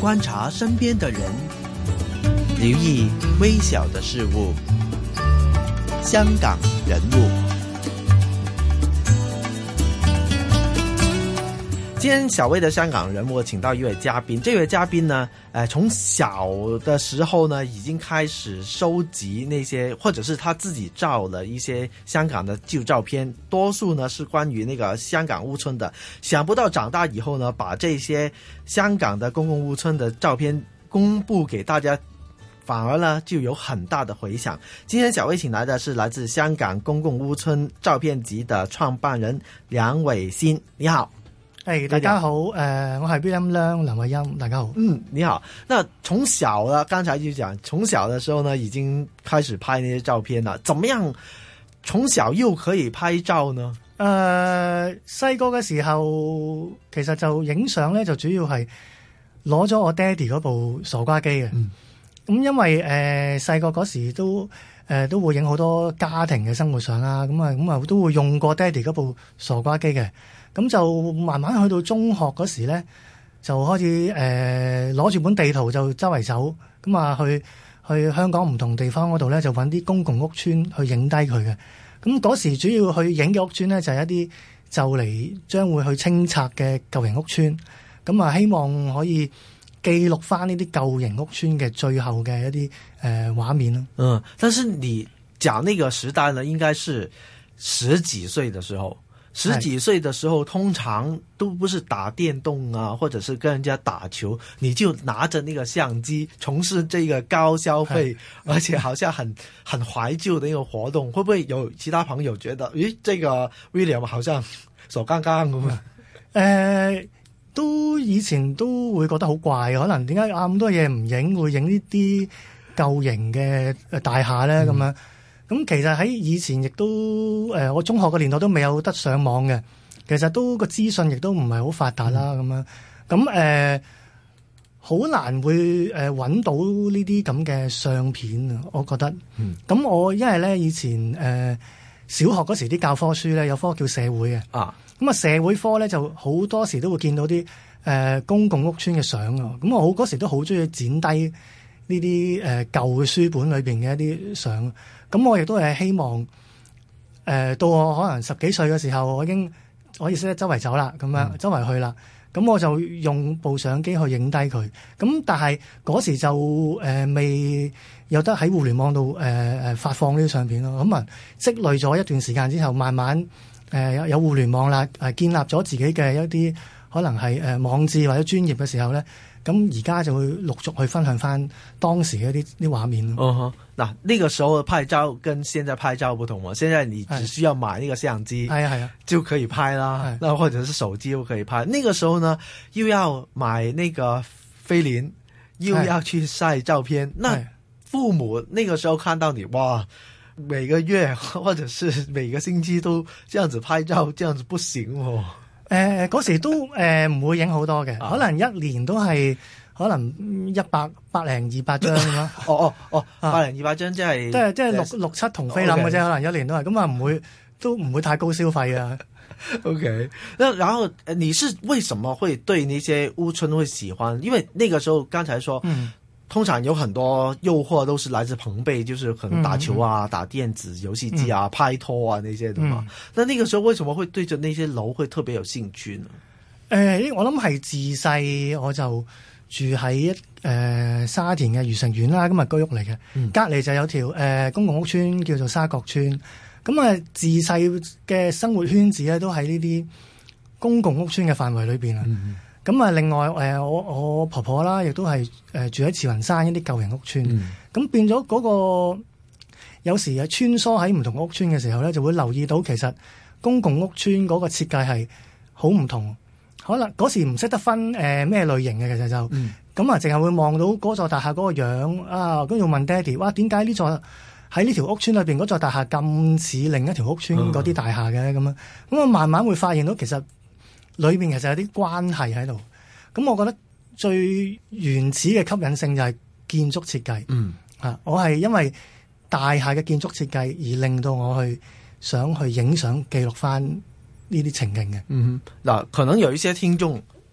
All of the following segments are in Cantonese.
觀察身邊的人，留意微小的事物。香港人物。今天小薇的香港人物，請到一位嘉賓。這位嘉賓呢，呃，從小的時候呢，已經開始收集那些，或者是他自己照了一些香港的舊照片，多數呢是關於那個香港屋邨的。想不到長大以後呢，把這些香港的公共屋邨的照片公布給大家，反而呢就有很大的回響。今天小薇請來的是來自香港公共屋邨照片集的創辦人梁瑋鑫，你好。哎、大家好，誒、嗯、呃，我係 William 梁，梁瑋鑫，大家好。嗯，你好。那從小啦，剛才就講，從小的時候呢，已經開始拍那些照片啦。怎麼樣？從小又可以拍照呢？誒、呃，細個嘅時候，其實就影相咧，就主要係攞咗我爹哋嗰部傻瓜機嘅。咁、嗯、因為誒、細、呃、個嗰時都。誒都會影好多家庭嘅生活相啦，咁啊，咁啊都會用過爹哋嗰部傻瓜機嘅，咁就慢慢去到中學嗰時呢，就開始誒攞住本地圖就周圍走，咁啊去去香港唔同地方嗰度呢，就揾啲公共屋邨去影低佢嘅，咁嗰時主要去影嘅屋邨呢就係一啲就嚟將會去清拆嘅舊型屋邨，咁啊希望可以記錄翻呢啲舊型屋邨嘅最後嘅一啲誒畫面。嗯，但是你講那個時代呢，應該是十幾歲嘅時候，十幾歲嘅時候是通常都不是打電動啊，或者是跟人家打球，你就拿着那個相機從事這個高消費，是而且好像很很懷舊的一個活動。 會不會有其他朋友覺得，咦，這個 William 好像傻更更咁啊？誒、 哎。都以前都會覺得好怪，可能點解咁多嘢唔影，會影呢啲舊型嘅大廈咧咁、嗯、樣？咁其實喺以前亦都誒，我中學嘅年代都未有得上網嘅，其實都個資訊亦都唔係好發達啦咁、嗯、樣。咁、呃、誒，好難會誒揾到呢啲咁嘅相片啊！我覺得，咁、嗯、我因為咧以前誒、呃、小學嗰時啲教科書咧有科叫社會嘅啊。咁啊，社會科咧就好多時都會見到啲誒、呃、公共屋邨嘅相啊！咁、嗯、我好嗰時都好中意剪低呢啲誒舊嘅書本裏面嘅一啲相。咁我亦都係希望誒、呃、到我可能十幾歲嘅時候，我已經可以識得周圍走啦，咁樣周圍、嗯、去啦。咁我就用部相機去影低佢。咁但係嗰時就誒、呃、未有得喺互聯網度誒誒發放呢啲相片咯。咁啊，積累咗一段時間之後，慢慢。誒有、呃、有互聯網啦、呃，建立咗自己嘅一啲可能係誒、呃、網誌或者專業嘅時候咧，咁而家就會陸續去分享返當時嗰啲啲畫面哦嗱，呢、uh huh. 個時候拍照跟現在拍照不同喎，現在你只需要買呢個相機是，啊啊，就可以拍啦。是那或者是手機就可以拍。那個時候呢，又要買那個菲林，又要去晒照片。那父母那個時候看到你，哇！每個月，或者是每個星期都這樣子拍照，這樣子不行喎、哦。誒嗰、呃、時都誒唔、呃、會影好多嘅，啊、可能一年都係可能一百一百零二百張咁咯。哦哦哦，百、哦、零、啊、二百張即係即係即係六是六七同菲林嘅啫、哦，okay、可能一年都係咁啊，唔會都唔會太高消費啊。O Okay K，然後你是為什麼會對那些屋邨會喜歡？因為那個時候，剛才說。嗯通常有很多誘惑，都是來自朋輩，就是可能打球啊、嗯、打電子遊戲機啊、嗯、拍拖啊那些的嘛。嗯、那那個時候，為什麼會對着呢啲樓去特別有興趣呢？誒、呃，我諗係自細我就住喺、呃、沙田嘅愉城苑啦，咁啊居屋嚟嘅，隔離、嗯、就有條誒、呃、公共屋邨，叫做沙角邨。咁、嗯、啊、呃、自細嘅生活圈子咧，都喺呢啲公共屋邨嘅範圍裏面。啊、嗯。咁啊，另外誒，我我婆婆啦，亦都係誒住喺慈雲山一啲舊型屋邨。咁變咗嗰個有時啊，穿梭喺唔同屋邨嘅時候咧，就會留意到其實公共屋邨嗰個設計係好唔同。可能嗰時唔識得分誒咩類型嘅，其實就咁啊，淨係會望到嗰座大廈嗰個樣啊，跟住問爹哋：哇，點解呢座喺呢條屋邨裏邊嗰座大廈咁似另一條屋邨嗰啲大廈嘅？咁啊，咁我慢慢會發現到其實。裏面其實有啲關係喺度，咁我覺得最原始嘅吸引性就係建築設計。嗯，啊，我係因為大廈嘅建築設計而令到我去想去影相記錄翻呢啲情景嘅。嗯，嗱，可能有一些聽眾。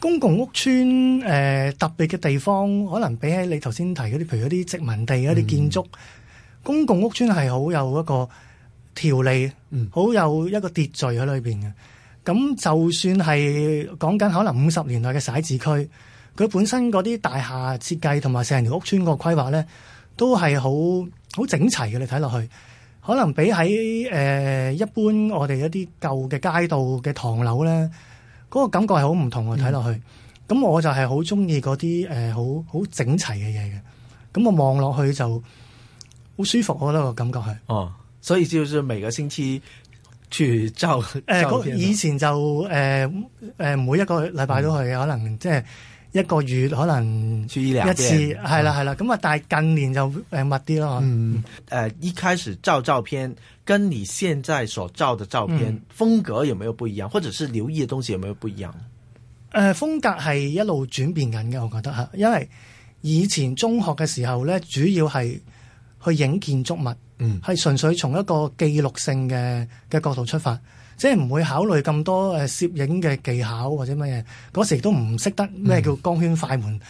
公共屋邨誒特別嘅地方，可能比起你頭先提嗰啲，譬如嗰啲殖民地一啲建築，公共屋邨係好有一個條理，好有一個秩序喺裏邊嘅。咁就算係講緊可能五十年代嘅徙置區，佢本身嗰啲大廈設計同埋成條屋邨個規劃咧，都係好好整齊嘅。你睇落去，可能比起誒一般我哋一啲舊嘅街道嘅唐樓咧。嗰個感覺係好唔同，我睇落去，咁、嗯、我就係好中意嗰啲誒好好整齊嘅嘢嘅，咁、嗯、我望落去就好舒服，我覺得個感覺係。哦，所以至少少眉嘅星期住之後誒，呃那個、以前就誒、呃呃、每一個禮拜都去，可能即、就、係、是。嗯一個月可能一次，係啦係啦，咁啊的、嗯！但係近年就誒密啲咯。嗯，誒、嗯，一開始照照片，跟你現在所照嘅照片、嗯、風格有冇有不一樣，或者是留意嘅東西有冇有不一樣？誒、呃，風格係一路轉變緊嘅，我覺得吓，因為以前中學嘅時候咧，主要係去影建築物，嗯，係純粹從一個記錄性嘅嘅角度出發。即係唔會考慮咁多誒、啊、攝影嘅技巧或者乜嘢，嗰時都唔識得咩叫光圈快門，誒、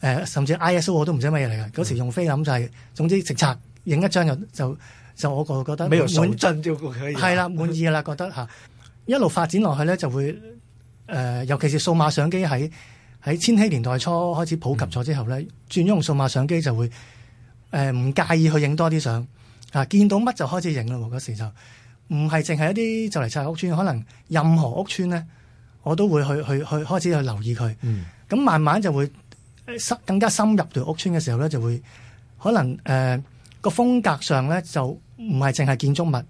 嗯呃、甚至 ISO 我都唔知乜嘢嚟嘅。嗰、嗯、時用菲林就係、是，總之直插影一張就就就我個覺得滿用進照個係，係啦滿，滿意啦 覺得一路發展落去咧就會誒、呃，尤其是數碼相機喺喺千禧年代初開始普及咗之後咧，嗯、轉咗用數碼相機就會誒唔、呃、介意去影多啲相啊，見到乜就開始影喎。嗰時就。唔係淨係一啲就嚟拆屋村，可能任何屋村咧，我都會去去去開始去留意佢。咁慢慢就會深更加深入條屋村嘅時候咧，就會可能誒個風格上咧就唔係淨係建築物，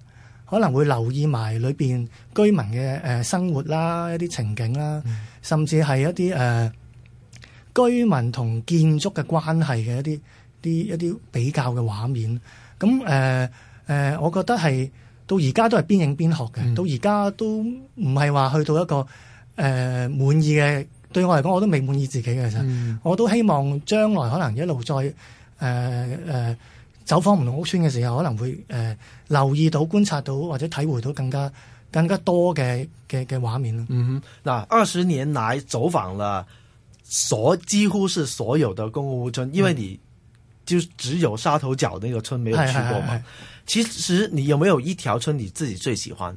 可能會留意埋裏邊居民嘅誒生活啦，一啲情景啦，甚至係一啲誒居民同建築嘅關係嘅一啲啲一啲比較嘅畫面。咁誒誒，我覺得係。到而家都係邊影邊學嘅，嗯、到而家都唔係話去到一個誒滿、呃、意嘅，對我嚟講我都未滿意自己嘅，其實、嗯、我都希望將來可能一路再誒誒、呃呃、走訪唔同屋邨嘅時候，可能會誒、呃、留意到、觀察到或者體會到更加更加多嘅嘅嘅畫面咯。嗯，嗱，二十年來走訪了所幾乎是所有的公，公屋邨，因為你。嗯就只有沙頭角呢個村沒有去過嘛？是是是是，其實你有沒有一條村你自己最喜歡？誒、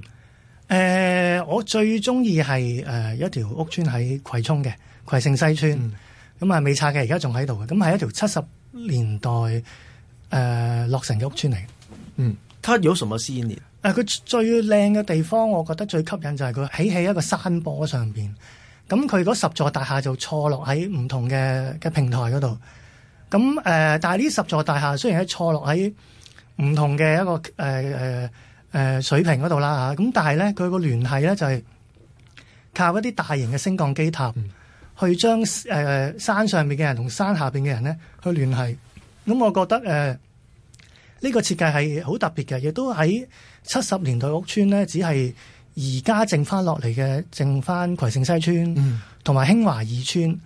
呃，我最中意係誒一條屋村喺葵涌嘅葵盛西村，咁啊未拆嘅，而家仲喺度嘅。咁係一條七十年代誒落成嘅屋村嚟。嗯，呃、的的嗯它有什麼吸引力？誒、呃，佢最靚嘅地方，我覺得最吸引就係佢起喺一個山坡上邊，咁佢嗰十座大廈就坐落喺唔同嘅嘅平台嗰度。咁誒、嗯，但係呢十座大廈雖然係坐落喺唔同嘅一個誒、呃呃、水平嗰度啦嚇咁，但係咧佢個聯繫咧就係靠一啲大型嘅升降機塔去將誒、呃、山上面嘅人同山下邊嘅人咧去聯繫，咁、嗯嗯、我覺得誒呢、呃，這個設計係好特別嘅，亦都喺七十年代屋邨咧，只係而家剩翻落嚟嘅，剩翻葵盛西邨同埋興華二邨。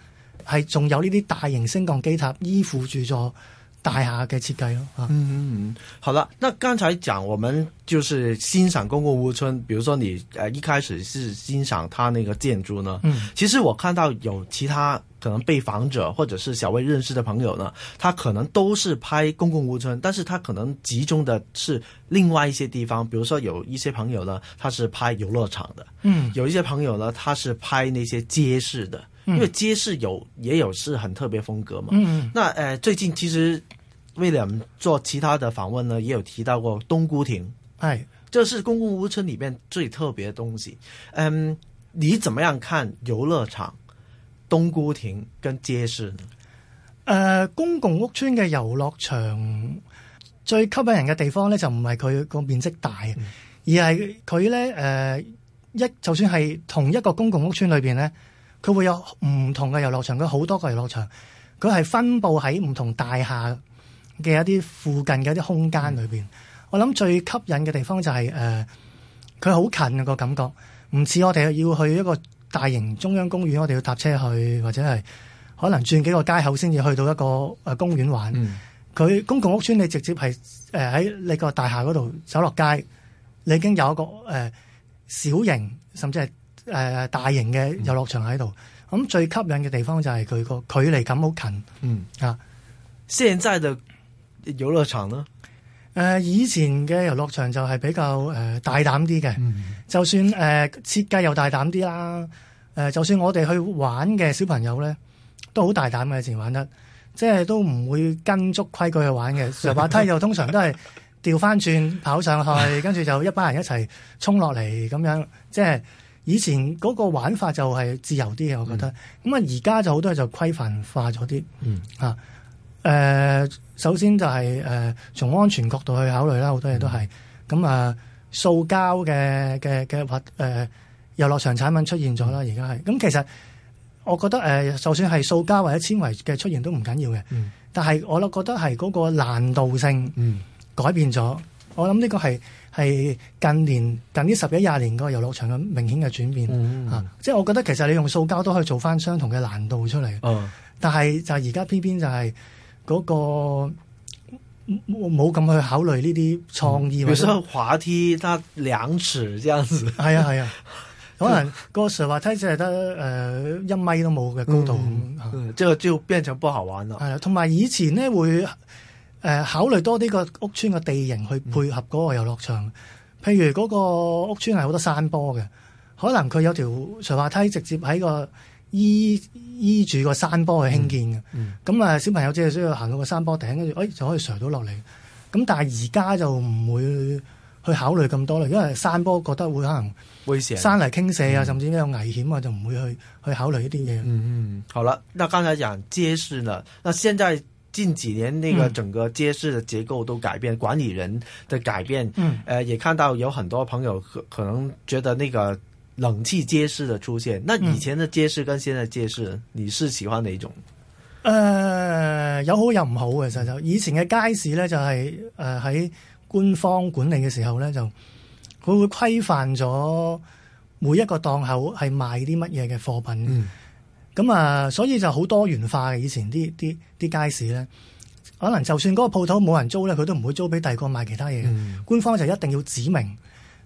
係仲有呢啲大型升降機塔依附住座大廈嘅設計咯，嗯、啊、嗯嗯，好啦，那剛才講我們就是欣賞公共屋邨，比如說你呃一開始是欣賞它那個建築呢。嗯。其實我看到有其他可能被訪者或者是小瑋認識的朋友呢，他可能都是拍公共屋邨，但是他可能集中的是另外一些地方，比如說有一些朋友呢，他是拍遊樂場的，嗯，有一些朋友呢，他是拍那些街市的。因為街市有也有是很特別風格嘛。嗯其、嗯、那誒、呃，最近其實為了做其他的訪問呢，也有提到過冬菇亭。係是。這是公共屋邨裏面最特別嘅東西。嗯、um,。你怎麼樣看遊樂場、冬菇亭跟街市呢？誒、呃，公共屋邨嘅遊樂場最吸引人嘅地方咧，就唔係佢個面積大，嗯、而係佢咧誒一就算係同一個公共屋邨裏邊咧。佢會有唔同嘅遊樂場，佢好多個遊樂場，佢係分布喺唔同大廈嘅一啲附近嘅一啲空間裏邊。我諗最吸引嘅地方就係誒，佢好近個感覺，唔似我哋要去一個大型中央公園，我哋要搭車去，或者係可能轉幾個街口先至去到一個誒、呃、公園玩。佢、嗯、公共屋邨，你直接係誒喺你個大廈嗰度走落街，你已經有一個誒、呃、小型，甚至係。誒、呃，大型嘅遊樂場喺度，咁、嗯嗯、最吸引嘅地方就係佢個距離感好近。嗯啊，現在的遊樂場咯，誒、呃，以前嘅遊樂場就係比較誒、呃、大膽啲嘅，嗯、就算誒、呃、設計又大膽啲啦。誒、呃，就算我哋去玩嘅小朋友咧，都好大膽嘅，以前玩得，即係都唔會跟足規矩去玩嘅。滑 梯又通常都係掉翻轉跑上去， 跟住就一班人一齊衝落嚟咁樣，即係。以前嗰個玩法就係自由啲嘅，我覺得。咁啊、嗯，而家就好多嘢就規範化咗啲。嗯、啊呃。首先就係、是呃、從安全角度去考慮啦，好多嘢都係。咁、嗯、啊，塑膠嘅嘅嘅或誒遊樂場產品出現咗啦，而家係。咁其實我覺得誒、呃，就算係塑膠或者纖維嘅出現都唔緊要嘅。嗯、但係我覺得係嗰個難度性改變咗。嗯、我諗呢個係。係近年近呢十幾廿年個遊樂場咁明顯嘅轉變嚇、嗯啊，即係我覺得其實你用塑膠都可以做返相同嘅難度出嚟，嗯、但係就而家偏偏就係嗰、那個冇咁去考慮呢啲創意。嗯、比如話滑梯得兩尺，咁樣子係啊，係啊，可能個時話梯就係得誒一米都冇嘅高度，就、嗯啊、就變成不好玩啦。係啊，同埋以前呢會。呃、考慮多啲個屋邨嘅地形去配合嗰個遊樂場，嗯嗯、譬如嗰個屋邨係好多山坡嘅，可能佢有條垂滑梯直接喺個依依住個山坡去興建嘅。咁啊、嗯，嗯、小朋友只係需要行到個山坡頂，跟住、哎，就可以垂到落嚟。咁但係而家就唔會去考慮咁多啦，因為山坡覺得會可能會斜、山泥傾瀉啊，險甚至有危險啊，嗯、就唔會去去考慮呢啲嘢。嗯嗯，好啦，那剛才講街市呢，那現在。近幾年那個整個街市的結構都改變，嗯、管理人的改變、嗯呃，也看到有很多朋友可可能覺得那個冷氣街市的出現，嗯、那以前的街市跟現在街市，你是喜歡哪一種？誒、呃，有好有唔好其實就就，以前嘅街市呢，就係誒喺官方管理嘅時候呢，就，佢會規範咗每一個檔口係賣啲乜嘢嘅貨品。嗯咁啊、嗯，所以就好多元化嘅。以前啲啲啲街市咧，可能就算嗰個鋪頭冇人租咧，佢都唔會租俾第個賣其他嘢嘅。嗯、官方就一定要指明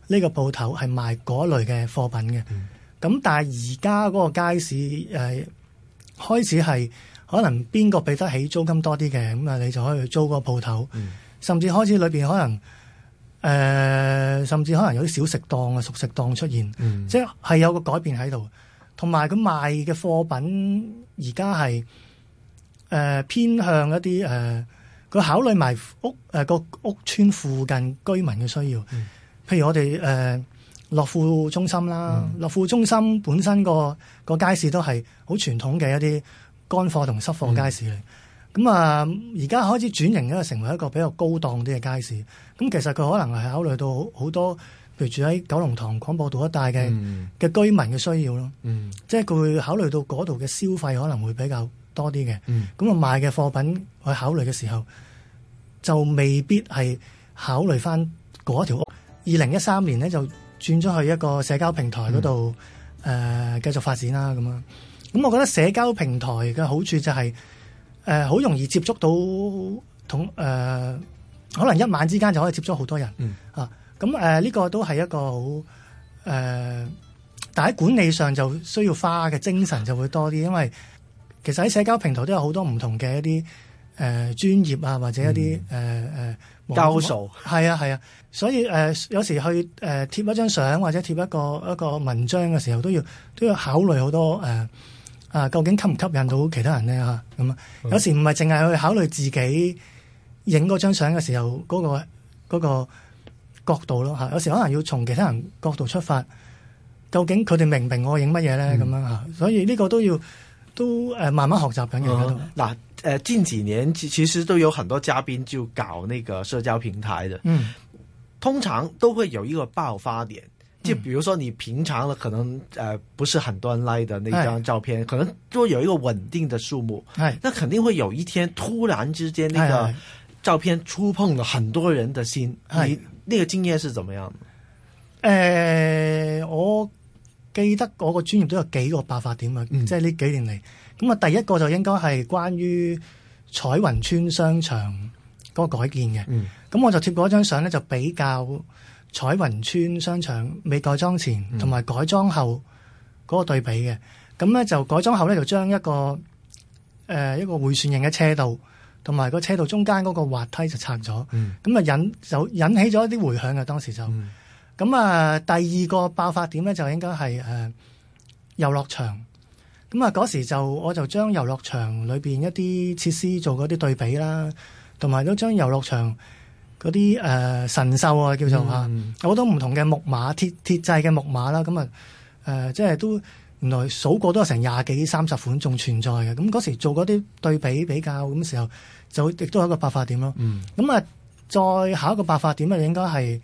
呢個鋪頭係賣嗰類嘅貨品嘅。咁、嗯、但係而家嗰個街市誒、呃、開始係可能邊個俾得起租金多啲嘅，咁啊你就可以去租個鋪頭，嗯、甚至開始裏邊可能誒、呃、甚至可能有啲小食檔啊、熟食檔出現，嗯、即係有個改變喺度。同埋佢賣嘅貨品而家係誒偏向一啲誒，佢、呃、考慮埋屋誒個屋邨、呃、附近居民嘅需要。嗯、譬如我哋誒、呃、樂富中心啦，嗯、樂富中心本身個個街市都係好傳統嘅一啲乾貨同濕貨街市嚟。咁、嗯、啊，而家開始轉型咧，成為一個比較高檔啲嘅街市。咁其實佢可能係考慮到好多。住喺九龍塘廣播道一帶嘅嘅居民嘅需要咯，即係佢會考慮到嗰度嘅消費可能會比較多啲嘅，咁我賣嘅貨品我考慮嘅時候就未必係考慮翻嗰一條屋。二零一三年咧就轉咗去一個社交平台嗰度誒繼續發展啦，咁樣，咁我覺得社交平台嘅好處就係誒好容易接觸到同誒可能一晚之間就可以接觸好多人啊。咁誒呢個都係一個好誒、呃，但喺管理上就需要花嘅精神就會多啲，因為其實喺社交平台都有好多唔同嘅一啲誒、呃、專業啊，或者一啲誒誒交數係啊係啊，所以誒、呃、有時去誒、呃、貼一張相或者貼一個一個文章嘅時候，都要都要考慮好多誒、呃、啊，究竟吸唔吸引到其他人咧嚇咁啊？嗯嗯、有時唔係淨係去考慮自己影嗰張相嘅時候嗰個嗰個。嗰個角度咯嚇，有時可能要從其他人角度出發，究竟佢哋明唔明我影乜嘢呢？咁、嗯、樣所以呢個都要都、呃、慢慢學習緊嘅。嗱、嗯呃、近幾年其其實都有很多嘉賓就搞那個社交平台的，嗯、通常都會有一個爆發點，就譬如說你平常的可能、呃、不是很多人 l、like、的那張照片，是可能都有一個穩定的數目，是那肯定會有一天突然之間，那個照片觸碰了很多人的心，是你呢個專業是怎麼樣？誒、呃，我記得我個專業都有幾個爆發點啊，嗯、即係呢幾年嚟，咁啊，第一個就應該係關於彩雲邨商場嗰個改建嘅。咁、嗯、我就貼過一張相咧，就比較彩雲邨商場未改裝前同埋改裝後嗰個對比嘅。咁咧、嗯、就改裝後咧就將一個誒、呃、一個迴旋型嘅車道。同埋個車道中間嗰個滑梯就拆咗，咁啊、嗯、引就引起咗一啲回響啊！當時就，咁啊、嗯、第二個爆發點咧就應該係誒、呃、遊樂場，咁啊嗰時就我就將遊樂場裏面一啲設施做嗰啲對比啦，同埋都將遊樂場嗰啲誒神獸啊叫做有，好、嗯、多唔同嘅木馬、鐵鐵製嘅木馬啦，咁啊、呃、即係都。原來數過都有成廿幾三十款仲存在嘅，咁嗰時做嗰啲對比比較咁時候，就亦都係一個百發點咯。咁啊、嗯，再下一個百發點啊，應該係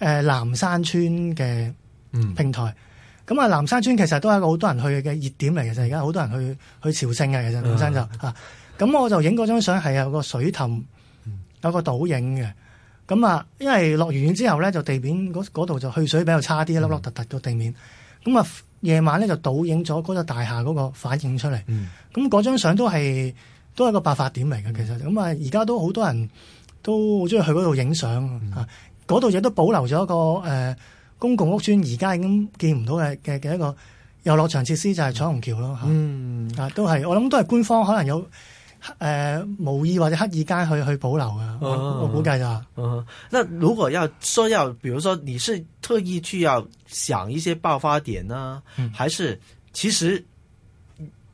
誒南山村嘅平台。咁啊、嗯，南山村其實都係一個好多人去嘅熱點嚟嘅，就而家好多人去去朝聖嘅。其實本身就嚇，咁、啊啊、我就影嗰張相係有個水凼，嗯、有個倒影嘅。咁啊，因為落完雨之後咧，就地面嗰度就去水比較差啲，凹凹、嗯、凸凸個地面。咁啊，夜晚咧就倒影咗嗰座大廈嗰個反映出嚟。咁嗰、嗯、張相都係都係個白髮點嚟嘅其實。咁啊，而家都好多人都好中意去嗰度影相啊，嗰度嘢都保留咗一個誒、呃、公共屋邨，而家已經見唔到嘅嘅嘅一個遊樂場設施就係彩虹橋咯，嗯啊，都係我諗都係官方可能有。誒、呃，無意或者刻意間去去保留啊、哦、我,我估計咋、哦哦？那如果要說要，比如說你是特意去要想一些爆發點呢、啊？嗯、還是其實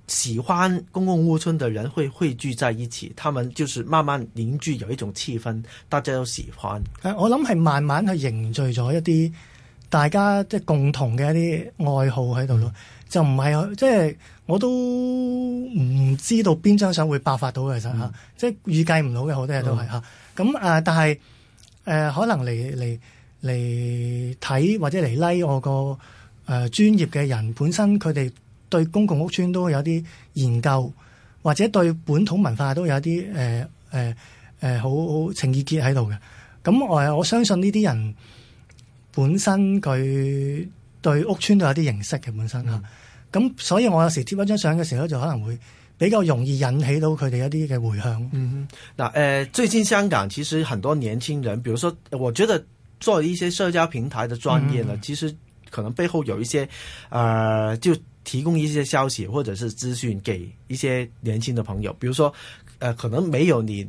喜歡公共屋邨的人會匯聚在一起，他們就是慢慢凝聚有一種氣氛，大家都喜歡。我諗係慢慢去凝聚咗一啲大家即係共同嘅一啲愛好喺度咯。就唔係，即係我都唔知道邊張相會爆發到嘅，其實、嗯、即係預計唔到嘅好多嘢都係嚇。咁、嗯啊、但係誒、呃，可能嚟嚟嚟睇或者嚟 l、like、我個誒、呃、專業嘅人，本身佢哋對公共屋邨都有啲研究，或者對本土文化都有一啲誒誒好好情意結喺度嘅。咁我我相信呢啲人本身佢。對屋邨都有啲認識嘅本身嚇，咁、嗯啊、所以我有時貼一張相嘅時候就可能會比較容易引起到佢哋一啲嘅回響。嗯嗱哼、呃、最近香港其實很多年輕人，比如說，我覺得做一些社交平台的專業呢、嗯、哼其實可能背後有一些、呃，就提供一些消息或者是資訊給一些年輕的朋友，比如說，呃、可能沒有你。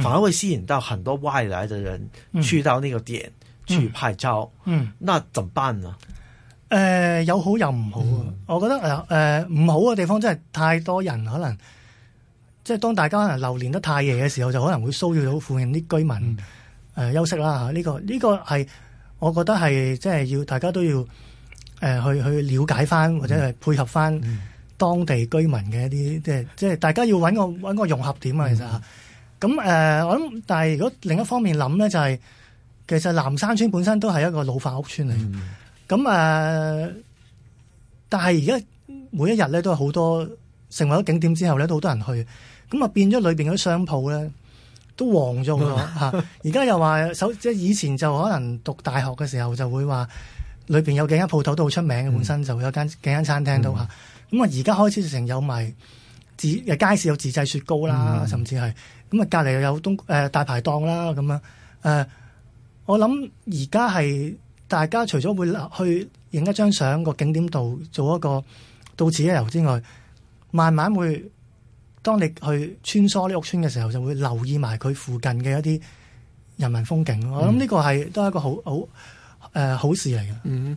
反而會吸引到很多外來的人去到那個點去拍照，嗯，嗯嗯那怎麼辦呢？誒、呃，有好有唔好啊！嗯、我覺得嗱，誒、呃，唔好嘅地方真係太多人可能，即、就、係、是、當大家可能流連得太夜嘅時候，就可能會騷擾到附近啲居民誒、嗯呃、休息啦吓。呢、這個呢、這個係我覺得係即係要大家都要誒、呃、去去了解翻或者係配合翻當地居民嘅一啲、嗯、即係即係大家要揾個揾個融合點啊、嗯、其實。咁誒、呃，我諗，但係如果另一方面諗咧，就係、是、其實南山村本身都係一個老化屋村嚟。咁誒、嗯呃，但係而家每一日咧都係好多成為咗景點之後咧，都好多人去。咁啊，變咗裏面嗰啲商鋪咧都旺咗好多，而家 又話首即係以前就可能讀大學嘅時候就會話裏面有幾間鋪頭都好出名，嗯、本身就有間幾間餐廳都咁、嗯、啊，而家開始成有埋自街市有自製雪糕啦，嗯、甚至係。咁啊，隔籬又有東誒、呃、大排檔啦，咁樣，誒、呃、我諗而家係大家除咗會去影一張相個景點度做一個到此一遊之外，慢慢會當你去穿梭呢屋村嘅時候，就會留意埋佢附近嘅一啲人民風景。嗯、我諗呢個係都係一個好好誒、呃、好事嚟嘅。嗯。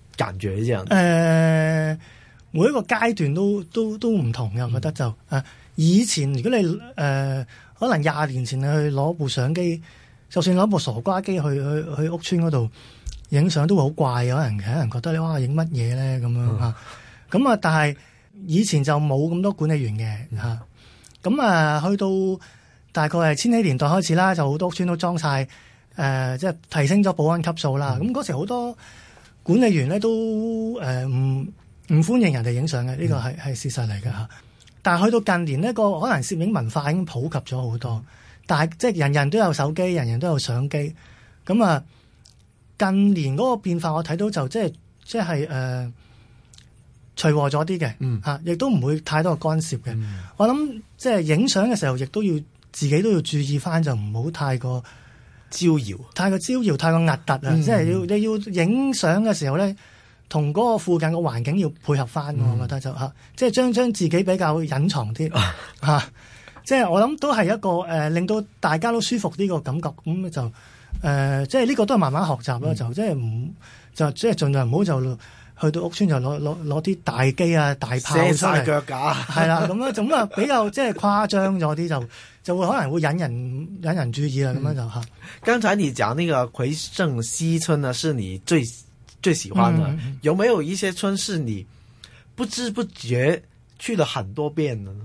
住呢、呃、每一個階段都都都唔同嘅，我覺得就、嗯、以前如果你誒、呃、可能廿年前你去攞部相機，就算攞部傻瓜機去去去屋村嗰度影相都會好怪嘅，有人有人覺得你哇影乜嘢咧咁樣咁、嗯、啊但係以前就冇咁多管理員嘅咁啊，啊去到大概係千禧年代開始啦，就好多屋村都裝晒、呃，即係提升咗保安級數啦。咁嗰、嗯啊、時好多。管理員咧都誒唔唔歡迎人哋影相嘅，呢、呢個係係事實嚟嘅。、嗯、但係去到近年呢個可能攝影文化已經普及咗好多，但係即係人人都有手機，人人都有相機，咁啊近年嗰個變化，我睇到就即係即係誒隨和咗啲嘅嚇，亦都唔會太多嘅干涉嘅。嗯、我諗即係影相嘅時候，亦都要自己都要注意返，就唔好太過。招搖，太過招搖，太過壓突喇！即係、嗯、要你要影相嘅時候咧，同嗰個附近個環境要配合返，嗯、我覺得就吓，即、啊、係、即係、將將自己比較隱藏啲吓，即係我諗都係一個誒、呃，令到大家都舒服啲個感覺。咁就誒，即係呢個都係慢慢學習咯、嗯，就即係唔就即係盡量唔好就。去到屋村就攞攞攞啲大機啊、大炮出，卸曬腳架，係啦咁樣，咁啊比較即係誇張咗啲，就就會可能會引人引人注意啦咁樣就嚇。剛才你講那個葵盛西村呢，是你最最喜歡嘅，嗯、有沒有一些村是你不知不覺去了很多遍嘅呢？誒、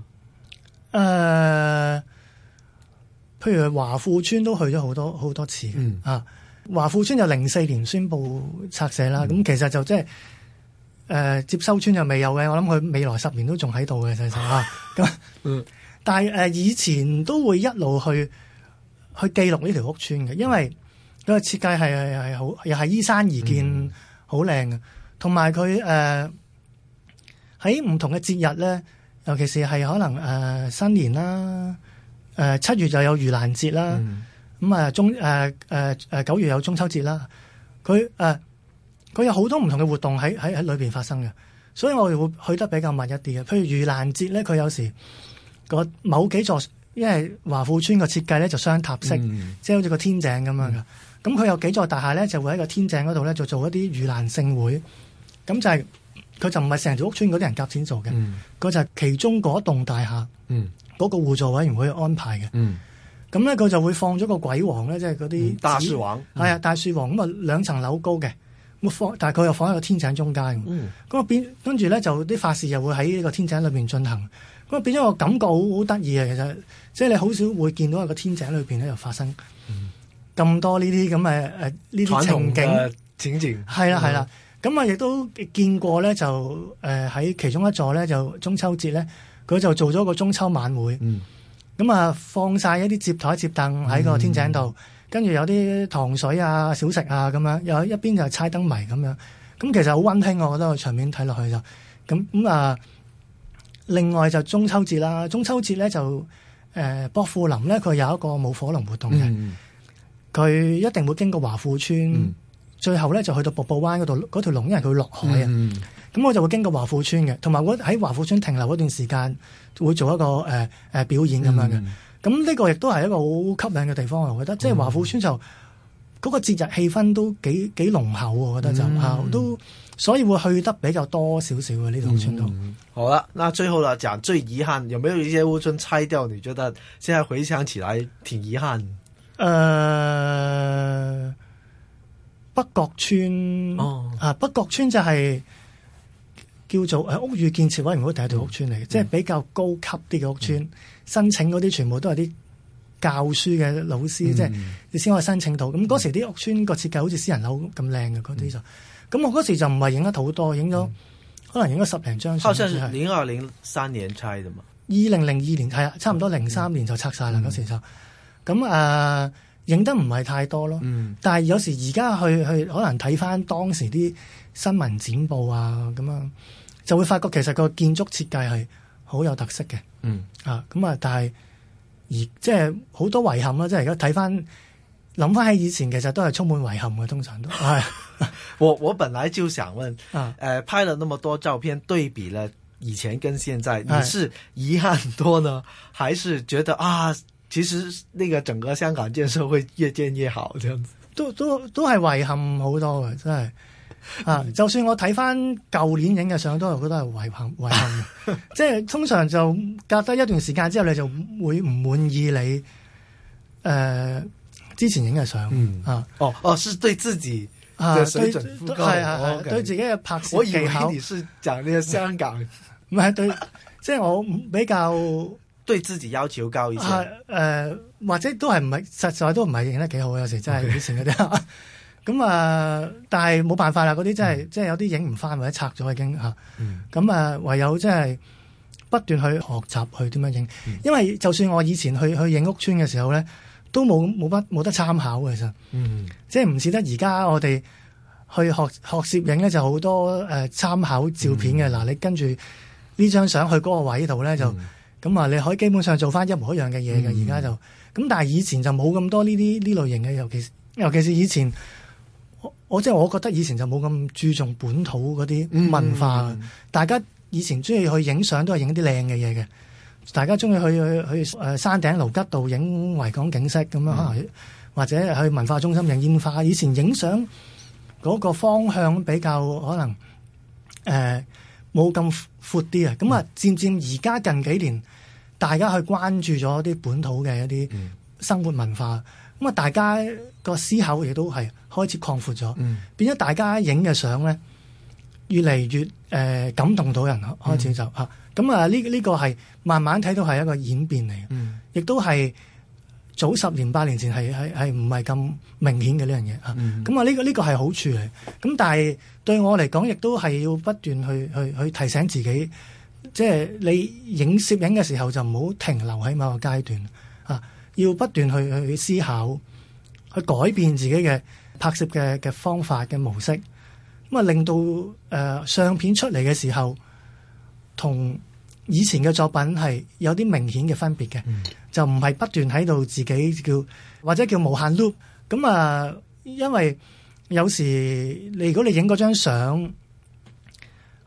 呃，譬如華富村都去咗好多好多次嘅、嗯、啊。華富村就零四年宣布拆卸啦，咁、嗯、其實就即、就、係、是。誒、呃，接收村就未有嘅，我諗佢未來十年都仲喺度嘅，其實吓咁。 嗯、但，但係誒以前都會一路去去記錄呢條屋村嘅，因為佢嘅設計係係好，又係依山而建，好靚、嗯呃、同埋佢誒喺唔同嘅節日咧，尤其是係可能誒、呃、新年啦，誒、呃、七月就有盂蘭節啦，咁啊、嗯嗯嗯、中誒誒誒九月有中秋節啦，佢、誒。呃佢有好多唔同嘅活動喺喺喺裏邊發生嘅，所以我哋會去得比較密一啲嘅。譬如盂蘭節咧，佢有時個某幾座，因為華富村嘅設計咧就雙塔式，即係、嗯、好似個天井咁樣嘅。咁佢、嗯、有幾座大廈咧，就會喺個天井嗰度咧就做一啲盂蘭盛會。咁就係、是、佢就唔係成條屋村嗰啲人夾錢做嘅，佢、嗯、就係其中嗰棟大廈，嗰、嗯、個互助委員會安排嘅。咁咧佢就會放咗個鬼王咧，即係嗰啲大樹王，係、嗯、啊大樹王咁啊兩層樓高嘅。我放，但係佢又放喺個天井中間。咁、嗯，咁變，跟住咧就啲法事又會喺呢個天井裏邊進行。咁啊變咗個感覺好好得意啊！其實，即、就、係、是、你好少會見到喺個天井裏邊咧又發生咁多呢啲咁嘅誒呢啲情景，情景係啦係啦。咁啊亦都見過咧，就誒喺、呃、其中一座咧就中秋節咧，佢就做咗個中秋晚會。咁啊、嗯嗯、放晒一啲摺台摺凳喺個天井度。嗯嗯跟住有啲糖水啊、小食啊咁樣，有一邊就係猜燈謎咁樣。咁其實好溫馨，我覺得個場面睇落去就咁咁啊。另外就中秋節啦，中秋節咧就誒、呃、薄扶林咧，佢有一個舞火龍活動嘅。佢、mm hmm. 一定會經過華富村，mm hmm. 最後咧就去到瀑布灣嗰度條龍，因為佢會落海啊。咁、mm hmm. 我就會經過華富村嘅，同埋我喺華富村停留嗰段時間，會做一個誒、呃呃、表演咁樣嘅。Mm hmm. 咁呢個亦都係一個好吸引嘅地方我覺得，即係華富村就嗰、嗯、個節日氣氛都幾幾濃厚，我覺得就、嗯啊、都所以會去得比較多少少啊！呢度、嗯、村度、嗯、好啦，那最後啦，就最遺憾有冇啲有些屋村拆掉你覺得？即係回想起來，挺遺憾誒、呃，北角村哦，啊，北角村就係、是。叫做屋宇建設委員會第一條屋邨嚟嘅，嗯、即係比較高級啲嘅屋邨。嗯、申請嗰啲全部都係啲教書嘅老師，嗯、即係你先可以申請到。咁嗰時啲屋邨個設計好似私人樓咁靚嘅，嗰啲、嗯、就咁。我嗰時就唔係影得好多，影咗、嗯、可能影咗十零張相。拍攝係零二零三年拆嘅嘛，二零零二年係啊，差唔多零三年就拆晒啦。嗰時就咁呃，影得唔係太多咯。嗯、但係有時而家去去可能睇翻當時啲新聞剪報啊咁啊。就會發覺其實個建築設計係好有特色嘅，嗯啊咁啊，但係而即係好多遺憾啦，即係而家睇返，諗返起以前其實都係充滿遺憾嘅，通常都係。哎、我我本來就想問啊，誒、呃、拍了那麼多照片，對比了以前跟現在，你是遺、哎、呀憾多呢，還是覺得啊，其實那個整個香港建設會越建越好，這樣子都都都係遺憾好多嘅，真係。啊！就算我睇翻舊年影嘅相，都係覺得係遺憾，遺憾嘅。即係通常就隔得一段時間之後，你就會唔滿意你誒之前影嘅相。嗯，啊，哦，哦，是對自己，係係係，對自己嘅拍攝技巧。我以為你是講呢個香港，唔係對，即係我比較對自己要求高一啲。誒，或者都係唔係，實在都唔係影得幾好，有時真係以前啲。咁啊！但係冇辦法啦，嗰啲真係，真係、嗯、有啲影唔翻或者拆咗已經嚇。咁啊、嗯，唯有真係不斷去學習去點樣影，嗯、因為就算我以前去去影屋邨嘅時候咧，都冇冇乜冇得參考嘅其實。嗯，即係唔似得而家我哋去學學攝影咧，就好多誒、呃、參考照片嘅。嗱、嗯啊，你跟住呢張相去嗰個位度咧，就咁啊，嗯、你可以基本上做翻一模一樣嘅嘢嘅。而家、嗯、就咁，但係以前就冇咁多呢啲呢類型嘅，尤其尤其是以前。我即係我覺得以前就冇咁注重本土嗰啲文化，嗯嗯嗯、大家以前中意去影相都係影啲靚嘅嘢嘅，大家中意去去去山頂盧吉道影維港景色咁樣可能，嗯、或者去文化中心影煙花。以前影相嗰個方向比較可能誒冇咁闊啲啊，咁啊漸漸而家近幾年大家去關注咗啲本土嘅一啲生活文化，咁啊大家個思考亦都係。開始擴闊咗，變咗大家影嘅相咧，越嚟越誒感動到人咯。開始就吓咁啊，呢呢個係慢慢睇到係一個演變嚟嘅，亦都係早十年八年前係係係唔係咁明顯嘅呢樣嘢吓。咁啊，呢個呢個係好處嚟，咁但係對我嚟講，亦都係要不斷去去去提醒自己，即係你影攝影嘅時候就唔好停留喺某個階段吓，要不斷去去思考去改變自己嘅。拍攝嘅嘅方法嘅模式，咁啊令到誒、呃、相片出嚟嘅時候，同以前嘅作品係有啲明顯嘅分別嘅，嗯、就唔係不斷喺度自己叫或者叫無限 loop。咁、呃、啊，因為有時你如果你影嗰張相，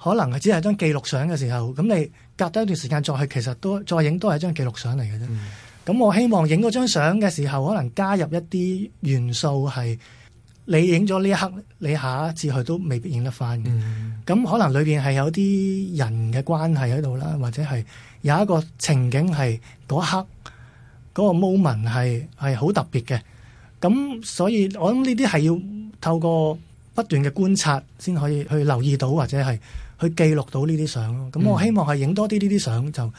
可能係只係張記錄相嘅時候，咁你隔多一段時間再去，其實都再影都係張記錄相嚟嘅啫。咁、嗯、我希望影嗰張相嘅時候，可能加入一啲元素係。你影咗呢一刻，你下一次去都未必影得翻嘅。咁、嗯、可能裏邊係有啲人嘅關係喺度啦，或者係有一個情景係嗰刻嗰、嗰個 moment 係係好特別嘅。咁所以我諗呢啲係要透過不斷嘅觀察先可以去留意到，或者係去記錄到呢啲相咯。咁我希望係影多啲呢啲相，就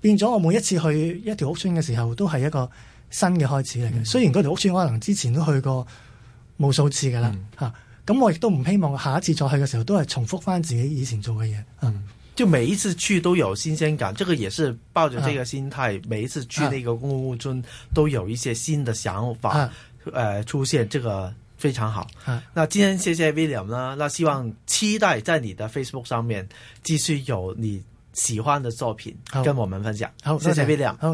變咗我每一次去一條屋村嘅時候都係一個新嘅開始嚟嘅。嗯、雖然嗰條屋村可能之前都去過。無數次噶啦，咁、嗯啊、我亦都唔希望下一次再去嘅時候都係重複翻自己以前做嘅嘢，嗯，就每一次去都有新鮮感，這個也是抱着這個心態，啊、每一次去呢個公共屋村、啊、都有一些新的想法，誒、啊呃，出現，這個非常好。啊、那今天謝謝 William 啦，那希望期待在你的 Facebook 上面繼續有你喜歡的作品跟我們分享。好，好謝謝 William。